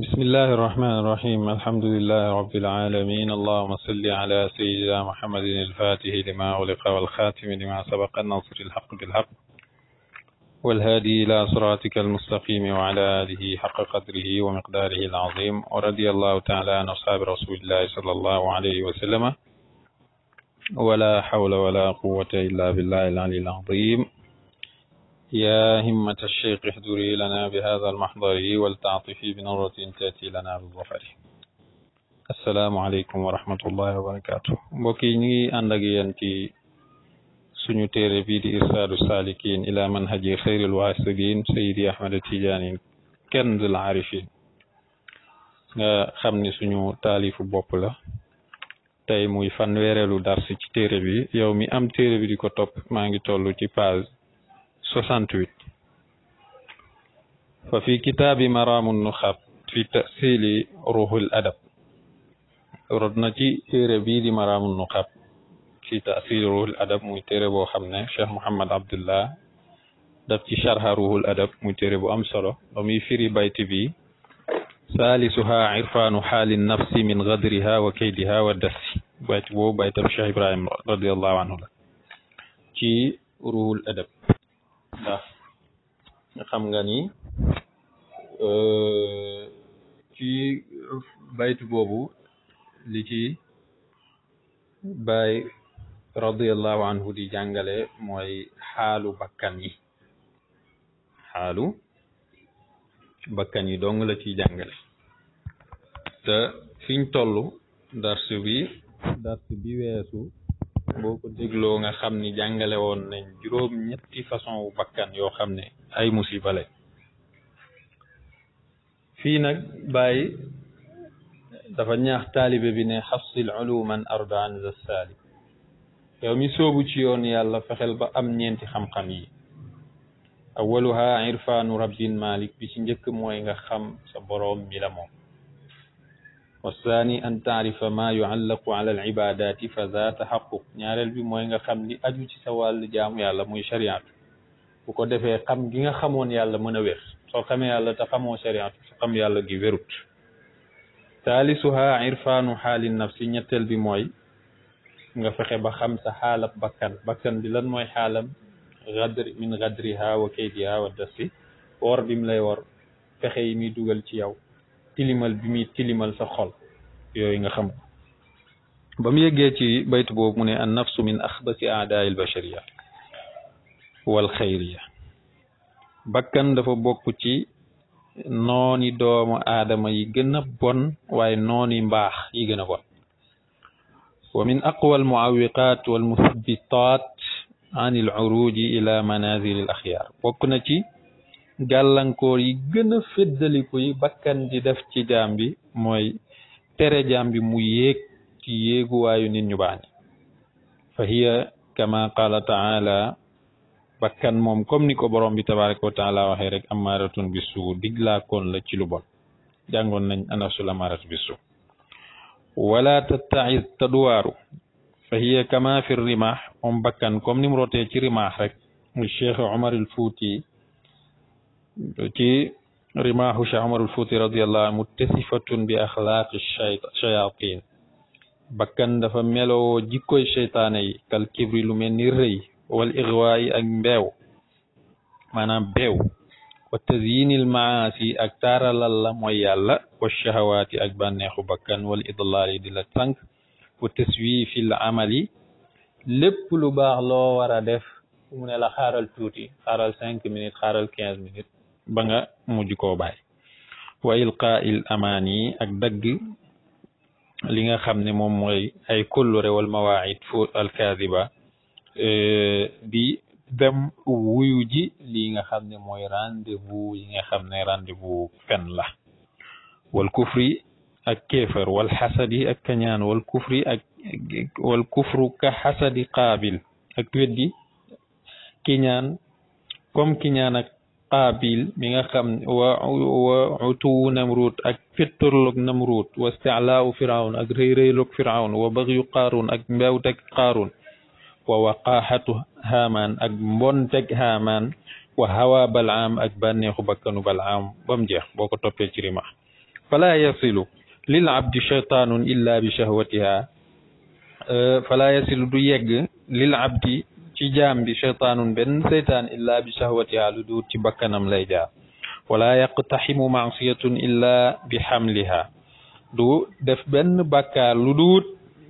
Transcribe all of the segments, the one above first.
بسم الله الرحمن الرحيم الحمد لله رب العالمين اللهم صل على سيدنا محمد الفاتح لما أغلق والخاتم لما سبق الناصر الحق بالحق والهادي إلى صراطك المستقيم وعلى آله حق قدره ومقداره العظيم ورضي الله تعالى عن أصحاب رسول الله صلى الله عليه وسلم ولا حول ولا قوة إلا بالله العلي العظيم يا همة الشيخ احضري لنا بهذا المحضر ولتعطفي بنظرة تأتي لنا بالظفر السلام عليكم ورحمة الله وبركاته بوكي نيجي عندك ينتي سنو تيري في دي إرسال السالكين إلى منهج خير الواسدين سيدي أحمد التجاني كنز العارفين xam ni suñu taalifu bopp la tey muy fanweereelu dars ci téere bi yow mi am téere bi di ko topp maa ngi toll ci page 68 ففي كتاب مرام النخب في تأسيل روح الأدب ردنا جي تيري دي مرام النخب في تأسيل روح الأدب موي تيري بو خمنا شيخ محمد عبد الله دب تي شرح روح الأدب موي تيري بو أم ومي فيري تي بي ثالثها عرفان حال النفس من غدرها وكيدها والدس بيت بو الشيخ شيخ إبراهيم رضي الله عنه جي روح الأدب xam nga ni euh, ci baytu boobu li ci baay radiallahu anhu di jàngale mooy xaalu bakkan yi xaalu bakkan yi dong la ciy jàngale te fiñ toll darsu bi darsu bi weesu boko deglo nga xamni jàngale won nañ juróom ñetti façon wu bakkan yo xamne ay musiba lay fi nak bay dafa ñaax talibe bi ne hasil uluman arba'an an za yow mi sobu ci yoon yàlla fexel ba am ñenti xam xam-xam yi awaluha irfanu rabbil malik bi ci ñeek moy nga xam sa borom mi la mom والثاني أن تعرف ما يعلق على العبادات فذا تحقق نيارل بي موي nga xam li aju ci sa wal jaamu yàlla moy sharia bu ko defé xam gi nga xamone yàlla meuna wex so xamé yàlla ta xamo sharia so xam yàlla gi wérut taalisuha irfaanu xaali nafsi ñetteel bi moy nga fexe ba xam sa xaalab bakkan bakkan di lan moy halam ghadr min ghadriha wa kaydiha wa dassi wor bim lay wor fexe yi mi dugal ci yow tilimal bi mi tilimal sa xol yoy nga xam ko ba mu yeggee ci bayt bobu mune an nafsu min axbasi a'da'il albashariya wal xayriya bakkan dafa bok ci noni doomu adama yi gëna bon way noni mbax yi gëna bon wa min aqwa almuawiqat walmuhabitat an alcuruji ila manazil alaxyaar bokk na ci gàllankoor yi gën a féddaliku yi bakkan di def ci jaam bi mooy tere jaam bi mu yéeg ci yéeguwaayu nit ñu baax ñi fa hiya kama qaala taala bakkan moom comme ni ko borom bi tabaraka wa taala waxee rek amaaratun bi suu diglaakoon la ci lu bon jàngoon nañ anafsul amaarat bi suu wala tattaxiz taduwaaru fa hiya kama fi rimaax moom bakkan comme ni mu rotee rimaax rek cheikh omar il fuuti ci rimaahu Cheikh Omar al-Fouti radiyallahu anhu muttasifatun bi axlaaqi shayatin bakkan dafa meloo jikkoy seytaane kal kibri lu mel ni wal ixwaa yi ak mbeew maanaam beew wa tazyinil maasi ak taaralal la mooy yàlla wa shahawaati ak bànneexu bakkan wal idlaali di la sànq wa taswiifil amali lépp lu baax loo war a def mu ne la xaaral tuuti xaaral cinq minutes xaaral quinze minutes ba nga mujj ko bay wa ilqa'il il ak dagg li nga xamne mom moy ay kullu rewal mawaid fu kadhiba bi dem wuyu ji li nga xamne moy rendez-vous yi nga xamne rendez-vous fen la wal kufri ak kéefar wal hasadi ak kanyan wal kufri ak wal kufru ka hasadi qabil ak weddi kinyan comme kinyan ak قابل ميغا خم وعتو نمرود اك فتر لوك نمرود واستعلاء فرعون اك ريري لوك فرعون وبغي قارون اك مبوتك قارون ووقاحته هامان اك مبونتك هامان وهوى بلعام اك باني خبكن بلعام بمجيخ بوكو توبي جريما فلا يصل للعبد شيطان الا بشهوتها أه، فلا يصل دو يغ للعبد ci jaam bi cheytaanun benn seytaan illaa bi shahwatiha lu duur ci bakkanam lay jaar wala yaqtaximu maasiyatun illaa bi xamliha du def benn bakkaar lu duut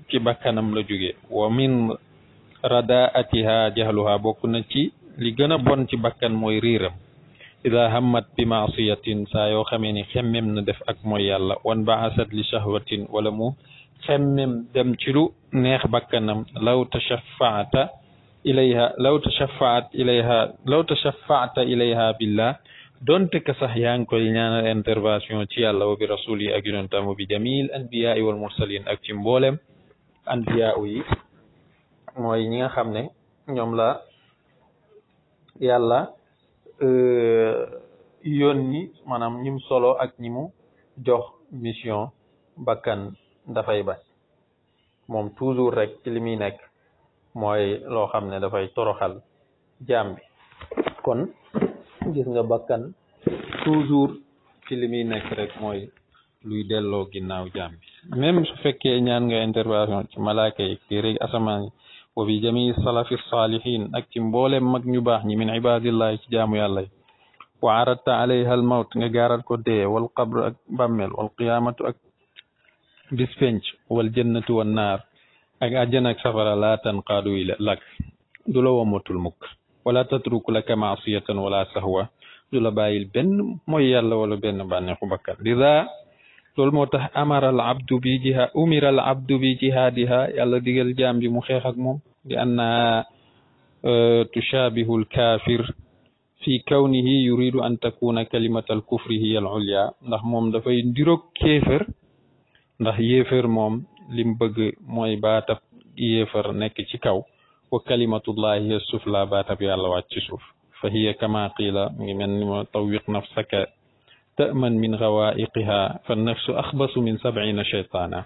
ci bakkanam la jóge wa min radaatiha jahluha bokk na ci li gën a bon ci bakkan mooy riiram ida hammat bi maasiyatin saa yoo xamee ni xemmem na def ak mooy yàlla wan baasat li shahwatin wala mu xemmem dem ci lu neex bakkanam law tashafaata ilayha law tashaffaat ilayha law tashaffaata ilayha billah donte ka sax yaa ngi koy ñaanal intervention ci yàlla wa bi rasul yi ak yonentamu bi jamil anbiya wal mursalin ak ci mboolem anbiya mooy ñi nga xam ne ñoom la yàlla euh, yoon ñi maanaam ñim solo ak ñi mu jox mission bakkan dafay ba moom toujours rek ci li muy nekk mooy loo xam ne dafay toroxal jaam kon gis nga bakkan toujours ci li nekk rek mooy luy delloo ginnaaw jaam bi même su fekkee ñaan nga intervention ci malaaka yi ci rek asamaan yi wa bi jami salafi saalihin ak ci mboolem mag ñu baax ñi min ibadillahi ci jaamu yàlla yi wa ta alayha al mawt nga gaaral ko wal qabr ak bàmmeel wal qiyaamatu ak bis wal jannatu wan naar ak aljana ak safara la tan qadu ila lak dula la womatul mukk wala tatruku lak ma'siyatan wala sahwa dula bayil ben moy yàlla wala ben banexu bakkar lida loolu motax amara al abdu bi jiha umira al abdu bi jihaadiha yàlla digel jam bi mu xex ak mom bi anna tushabihu al kafir fi kawnihi yuridu an takuna kalimat al kufri hiya al ulya ndax mom da fay ndiroog kéefër ndax yefer mom lim bëgg moy batap yéfer nek ci kaw wa kalimatullahi as sufla batap yàlla wàcc ci suuf fa hiya kama qila ngi mel ni ma tawwiq nafsaka taman min ghawaiqha fa nafs akhbas min sabina shaytana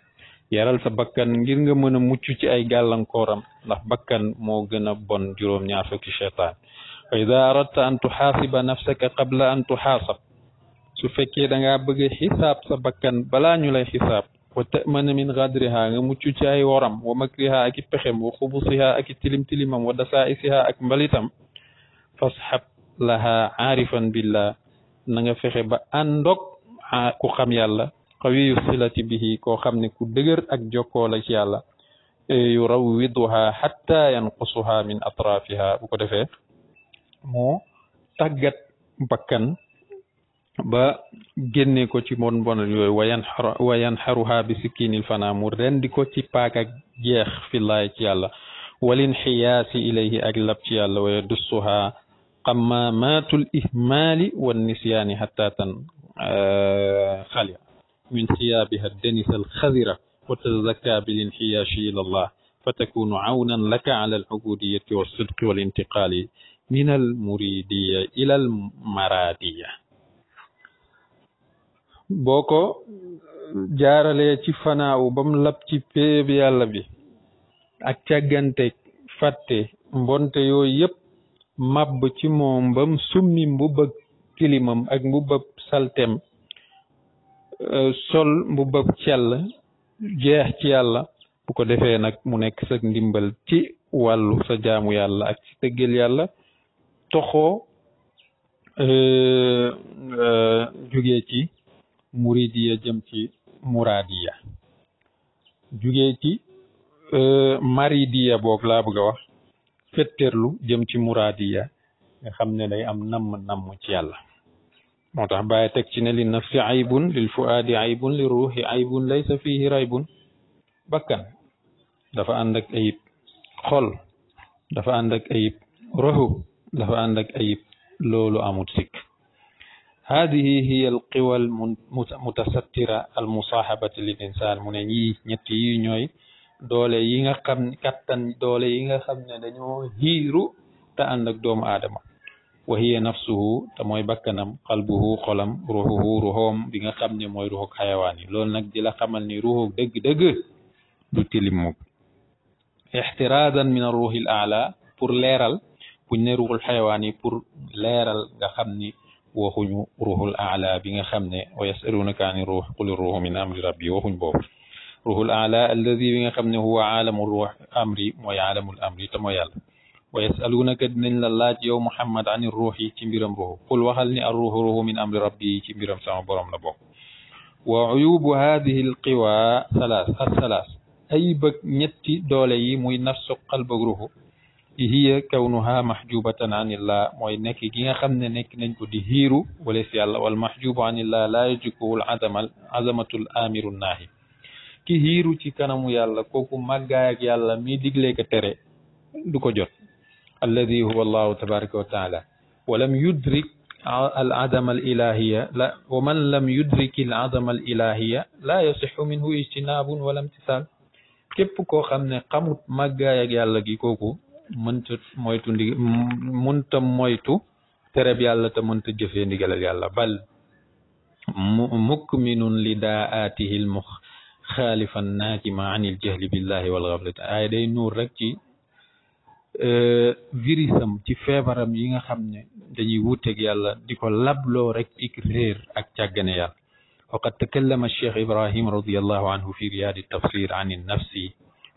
yaral sa bakkan ngir nga mëna muccu ci ay galankoram ndax bakkan mo gëna bon juróom ñaar fukki shaytan fa ida aradta an tuhasiba nafsaka qabla an tuhasab su fekke da nga bëgg hisab sa bakkan bala ñu lay hisab وتأمن من غدرها غمتشو تاي ورم ومكرها أكي بخم وخبصها أكي تلم تلم ودسائسها أكملتم فاصحب لها عارفا بالله نغفخ بأندق كو خم يالا قوي الصلة به كو خم نكو دقر أك جوكو لك يالا إيه، يروضها حتى ينقصها من أطرافها وكو دفع مو تغت بكن ba génne ko ci mon bon yooyu wayan xar wayan xaruha bi sikkiinil fana mu rendi ko ci paak ak fi fillaay ci yàlla walin xiyaasi ilayhi ak lab ci yàlla waya dussuha qammamatul ihmaali wan nisyaani hatta tan xalia min siyaabiha denisa alxadira wa tazakka bilinxiyaashi ila allah fatakunu cawnan laka ala alcubudiyati walsidqi walintiqaali min almuridiya ila almaradiya boo ko jaaralee ci fanaawu bam lab ci péeb yàlla bi ak càggante fàtte mbonte yooyu yépp màbb ci moom bam summi mbubbab tilimam ak mbubbab saltem euh, sol mbubbab cell jeex ci yàlla bu ko defee nag mu nekk sa ndimbal ci wàllu sa jaamu yàlla ak ci tëggal yàlla toxoo euh, euh, jógee ci muridiya jëm ci muradiya jugee ci euh, maridiya boog laa bëgg a wax fetterlu jëm ci muradiya nga xam ne day am namm namm ci yàlla moo tax bàyyi teg ci ne li nafsi aybun lil fuaadi aybun li ruuxi aybun laysa fihi raybun bakkan dafa ànd ak ayib xol dafa ànd ak ayib roxu dafa ànd ayib loolu amut sikk hadihi hiya al qiwa al mutasattira al musahabati lil insan ñooy doole yi nga xam kattan doole yi nga xam ne dañoo hiiru te ànd ak doomu aadama wa hiya nafsuhu te mooy bakkanam qalbuhu xolam ruhuhu ruhoom bi nga xam ne mooy ruhuk xayawaan yi nag di la xamal ni ruhuk dëgg-dëgg du tilim mukk ixtiraadan min ar ruhil aala pour leeral buñ ne ruhul xayawaan xam ni waxuñu ruuxul aala bi nga xam ne wa yasalunaka ani ruux quli ruuxu min amri rabbi waxuñ boobu ruuxul aala alladi bi nga xam ne huwa aalamu ruux amri mooy aalamul amri te mooy yàlla wa yasalunaka dinañ la laaj yow muhammad ani ruux yi ci mbiram ruuxu qul waxal ni ar ruuxu ruuxu min amri rabbi ci mbiram sama borom la bokk wa uyubu hadihi alqiwa salaas as salaas ay bëgg ñetti doole yi muy nafsu qalb ak ruuxu هي كونها محجوبة عن الله وإنك جينا خمنا نك نجو هيرو وليس الله والمحجوب عن الله لا يجكو العظمة عظمة الآمر الناهي كي هيرو تي كنم يالله كوكو مغاك يالله مي ديغليك تري دوكو جوت الذي هو الله تبارك وتعالى ولم يدرك العظمة الإلهية لا ومن لم يدرك العظمة الإلهية لا يصح منه اجتناب ولا امتثال كيف كو خمنا قمت مغاك يالله كوكو mënta moytu ndi mënta moytu tereb yàlla te mënta jëfee ndigalal yàlla bal mukminun li daa'atihi l mux xaalifan naakima anil jahli billahi wal xaflati ay day nuur rek ci virisam ci febaram yi nga xamne dañuy wuté ak yàlla diko lablo rek ik réer ak càggane yàlla waqad takallama cheikh ibrahim radiallahu anhu fi riyaadi tafsir an nafsi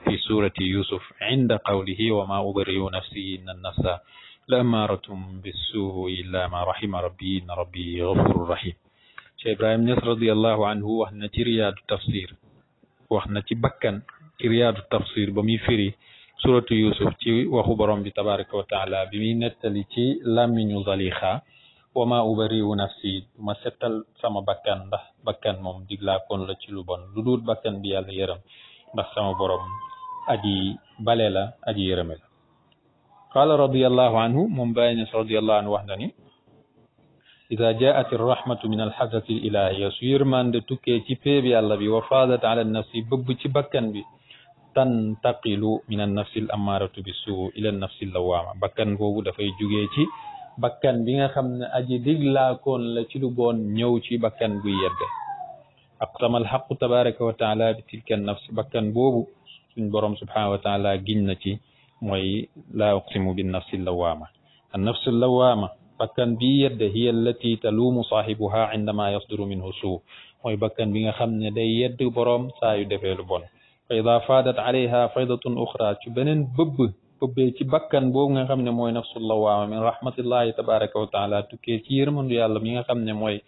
في سورة يوسف عند قوله وما أبرئ نفسي إن النفس لأمارة بالسوء إلا ما رحم ربي إن ربي غفور رحيم شيخ إبراهيم نصر رضي الله عنه وحنا رياض التفسير وحنا بكن رياض التفسير بمي فري سورة يوسف تي بتبارك وتعالى بمي نتلي تي لامنيو زليخا وما أبرئ نفسي ما ستل sama بكان ndax bakkan moom diglaa kon la ci lu bon ndax sama borom aji bale la aji yërëme la qala radiyallahu anhu mom bayna radiyallahu anhu wahdani idha ja'at ar-rahmatu min al irrahmatu al-ilahi yasir man de tuké ci péeb yàlla bi wa fadat ala an nafsi bëgg ci bakkan bi tan taqilu min an annafsi al ammaratu bis-su ila an-nafs al lawaama bakkan da fay juggé ci bakkan bi nga xamné aji diglakon la ci lu bon ñëw ci bakkan bu yedd أقسم الحق تبارك وتعالى بتلك النفس بكن بوبو سن بروم سبحانه وتعالى جنتي موي لا أقسم بالنفس اللوامة النفس اللوامة بكن بيد هي التي تلوم صاحبها عندما يصدر منه سوء موي بكن بيغا خامن داي يد بروم سا يدفل بون فإذا فادت عليها فيضة أخرى تي بنين بب بب تي بكن بوب غا خامن موي نفس اللوامة من رحمة الله تبارك وتعالى توكي تيرمون يالله ميغا خامن موي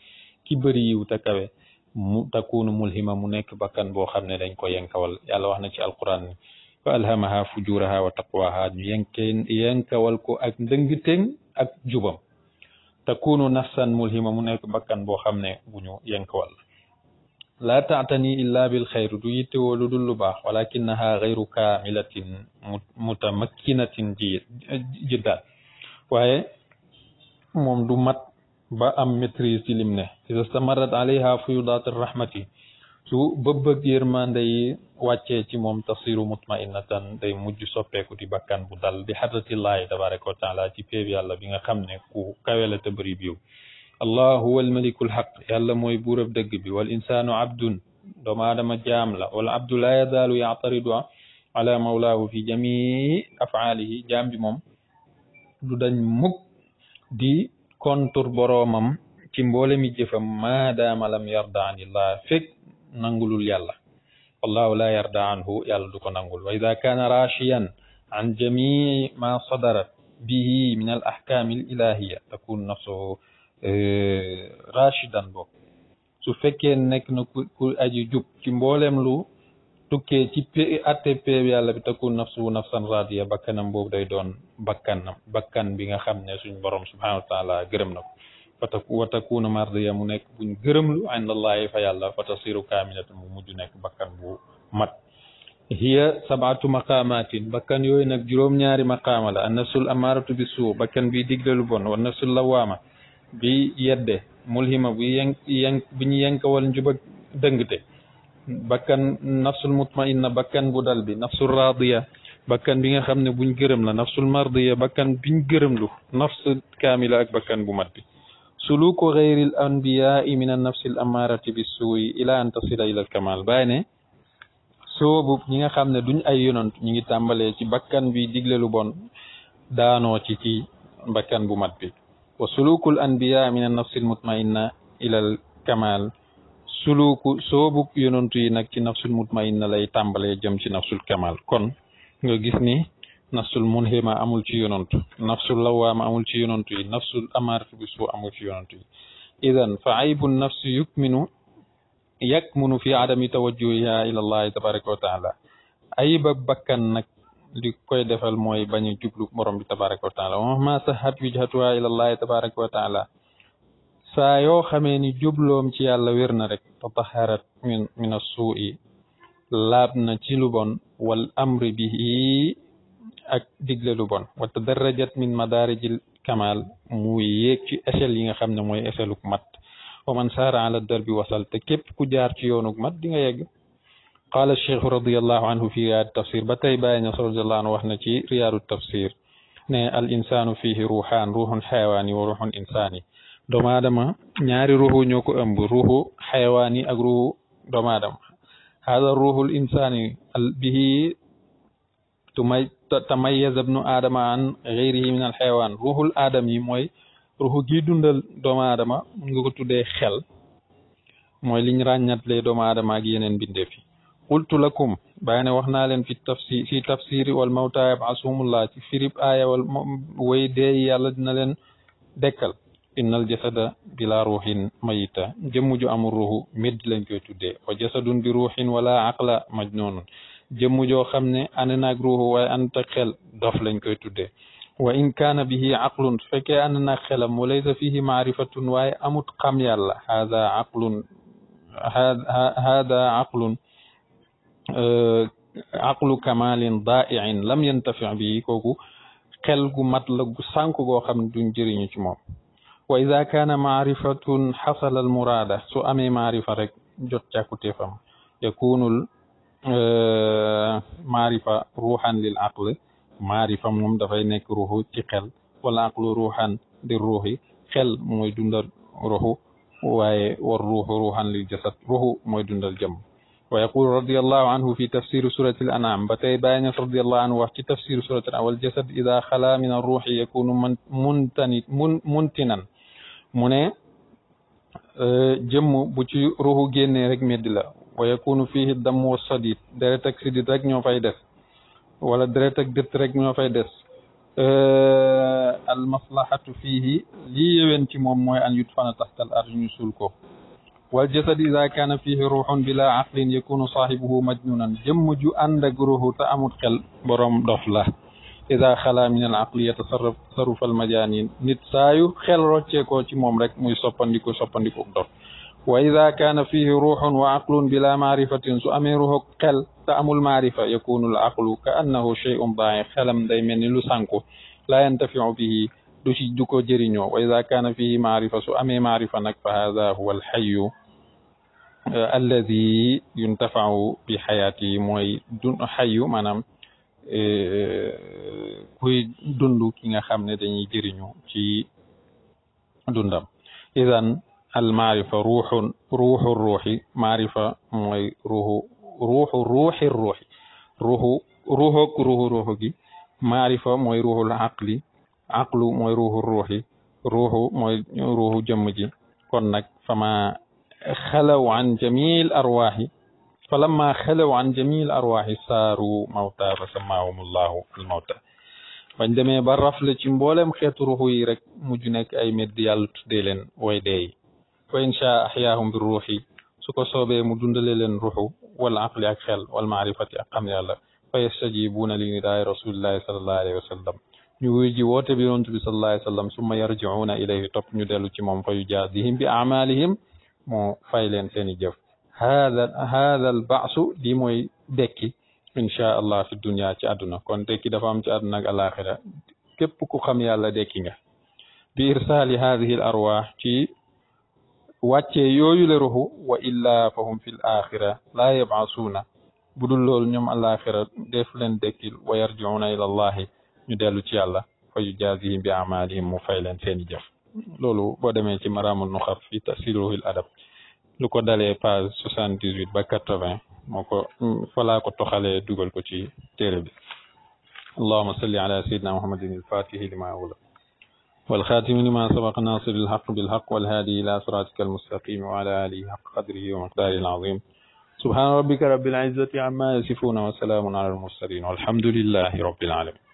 كبري وتكوي mu takunu mulhima mu nekk bakkan boo xam ne dañ ko yenkawal yàlla wax na ci alquran fa alhamaha fujuraha wa taqwaha ñu yenke yenkawal ko ak ndëngiteng ak jubam takunu nafsan mulhima mu nekk bakkan boo xam ne bu ñu yenkawal laa taatani illa bil xayr du yittewoo lu dul lu baax walakinaha xayru kaamilatin mutamakkinatin ji jiddaal waaye moom du mat ba am maîtrise ci limne ne istamarat alayha fuyudat arrahmati su bëbbëg yërmande yi wacce ci mom tasiru mutma'innatan day mujj soppeku di bakkan bu dal bi xadratillahi tabaraka wa taala ci péeb yàlla bi nga xamne ku kawela te bari biw allah huwa almaliku alxaq yàlla mooy buurab dëgg bi wal insaanu abdun doomu aadama jaam la wala abdu laa yazaalu yactaridu ala mawlaahu fi jamii afaalihi jaam bi moom du dañ mukk di kontur boromam ci mboolemi jëfam maadaama lam yarda anillah fek nangulul yàlla wallahu la yarda anhu yàlla du ko nangul wa idha kana rashiyan an jami' ma sadara bihi min al ahkam al ilahiyya takun nafsu rashidan bok su fekke nek na ku aji jup ci mbolem lu tukkee ci atte péeb yàlla bi takun nafsuhu nafsan radiya bakkanam boobu day doon bakkan bakkan bi nga xam ne suñ borom subhanahu wa taala gërëm na ko fata mu nekk buñ gërëmlu indallaahi fa yàlla fa tasiru kaamilatan mu mujj nekk bakkan bu mat hiya sabaatu maqaamaatin bakkan yooyu nag juróom-ñaari maqaama la an nafsul amaaratu bi bakkan bi digle lu bon wa nafsul lawaama bi yedde mulhima bu yenk yenk bi ñu yenkawal njubak dëngte bakkan nafsul mutmainna bakkan bu dal bi nafsul radiya bakkan bi nga xam ne buñ gërëm la nafsul mardiya bakkan biñ gërëm lu nafsul kaamila bakkan bu mat bi suluku xayril anbiyaa'i min an nafsil amaarati bi suuyi ila an tasila ila al kamal ne soobu ñi nga xam ne duñ ay yonant ñu ngi tàmbalee ci bakkan bi digle lu bon ci ci bakkan bu mat bi wa sulukul anbiya min an nafsil mutmainna ila al suluuku soobu yonantu yi nag ci nafsul mutmainna lay tàmbalee jëm ci nafsul kamal kon nga gis ni nafsul munhima amul ci yonantu nafsul lawaama amul ci yonantu yi nafsul amaaratu bi suu amul ci yonantu yi idan fa aybu nafsi yukminu yakmunu fi adami tawajjuhiha ila allahi tabaraka wa taala ayiba bakkan nag li koy defal mooy bañ a jublu borom bi tabaraka wa taala wa ma sahat wijhatuha ila allahi tabaraka wa saa yoo xamee ni jubloom ci yàlla wér na rek tataharat min min assuui laab na ci lu bon wal amri bihi ak digle lu bon wa tadarajat min madarijil kamal mu yéeg ci échelle yi nga xam ne mooy échelle uk mat wa man saara ala darbi wasal te képp ku jaar ci yoonuk mat di nga yegg قال الشيخ رضي الله عنه في رياض التفسير بتاي باي رضي الله عنه وحنا في رياض التفسير الإنسان فيه روحان روح حيواني وروح إنساني doomu aadama ñaari ruuxu ñoo ko ëmb ruuxu xayawaan yi ak ruuxu doomu aadama haada ruuxul insaani bihi tumay tamayaza bnu aadama an gayrihi min al xayawaan ruuxul aadam yi mooy gi dundal doomu aadama nga ko tuddee mooy liñ ràññatlee doomu aadama ak yeneen bindeef qultu lakum bàyyi ne wax naa leen fi tafsiri wal mawtaa yabasuhumullah ci firib aaya wal way dee yàlla dina leen dekkal innal jasada bila ruuxin mayita jëmm ju amul ruuxu médd lañ koy tuddee wa jasadun bi ruuxin wala aqla majnunun jëmm joo xam ne ànd naag ruuxu waaye ànd ak xel dof lañ koy tuddee wa in kaana bihi aqlun su fekkee ànd naag xelam wa laysa fihi maarifatun waaye amut xam yàlla haada aqlun haada aqlun euh, aqlu kamalin daa'iin lam yantafi bihi kooku xel gu mat la gu sànk goo xam ne duñ jëriñu ci moom وإذا كان معرفة حصل المرادة سو أمي معرفة رك جوت جاكو تفهم يكون المعرفة آه، روحا للعقل معرفة مم دافاي نيك روحو تي روحا للروح خل موي در روحو والروح روحا للجسد روحو موي در جم ويقول رضي الله عنه في تفسير سورة الأنعام بتي باين رضي الله عنه في تفسير سورة الأول الجسد إذا خلا من الروح يكون منتنا من mu ne euh, jëmm bu ci ruuxu génnee rek meddi la wa yakunu fihi damm wa sadid deret ak sidit rek ñoo fay des wala deret ak dëtt rek ñoo fay des euh, al maslahatu fihi lii yëwén ci moom mooy an yudfana taxta al ardi ñu suul ko wal jasad ida kaana fihi ruuxun bila aqlin yakunu saahibuhu majnunan jëmm ju ànd ak ruuxu te amut xel borom dof la اذا خلا من العقل يتصرف تصرف المجانين نيت سايو خيل روتيكو سي موم رك موي سوبانديكو سوبانديكو دور واذا كان فيه روح وعقل بلا معرفه سامره خل تامل معرفه يكون العقل كانه شيء ضايع خلم داي ملني لا ينتفع به دوشي دوكو جيرينو واذا كان فيه معرفه سامي معرفه نكف هذا هو الحي آه، الذي ينتفع بحياته موي دون حي مانام E, kuy dund ki nga xam ne dañuy jëriñu ci dundam idan al maarifa ruuxun ruuxu ruuxi maarifa mooy ruuxu ruuxu ruuxi ruuxi ruuxu ruuxoog ruuxu ruuxu gi maarifa mooy ruuxul aqli aqlu ji kon nag fama xalaw an jamil arwaaxi فلما خلوا عن جميل أرواح سارو موتا فسماهم الله الموتى وعندما يبرف لكم بولم خيطره يرك مجنك أي مديال تدلن ويدي وإن شاء أحياهم بالروح سكو صوبة مجند للن روح والعقل أكخل والمعرفة أقام يالله فيستجيبون لنداء رسول الله صلى الله عليه وسلم نيجي وات بي رونت صلى الله عليه وسلم ثم يرجعون اليه توب نيو ديلو سي موم فيجاديهم باعمالهم مو فايلن سيني جيف hada hada al baasu lii mooy dekki incha allah fi dunia ci àdduna kon dekki dafa am ci àdduna ak alaxira képp ku xam yàlla dekki nga bi irsaali hadihi al ci wàccee yooyu le ruxu wa illa fa hum fi l axira laa yabaasuuna bu dul loolu ñoom alaxira def leen dekkil wa yarjiuna ila allahi ñu dellu ci yàlla fa yujaazihim bi amalihim mu fay leen seeni jëf loolu boo demee ci maraamul nuxar fi tasiruhil adab luko dalé page 78 ba 80 moko fala ko falaa ko ko ci téré bi allahuma salli ala sayidina muhammadin alfatihi lima ula والخاتم لما سبق ناصر الحق بالحق والهادي إلى صراطك المستقيم وعلى آله حق قدره ومقداره العظيم سبحان ربك رب العزة عما يصفون وسلام على المرسلين والحمد لله رب العالمين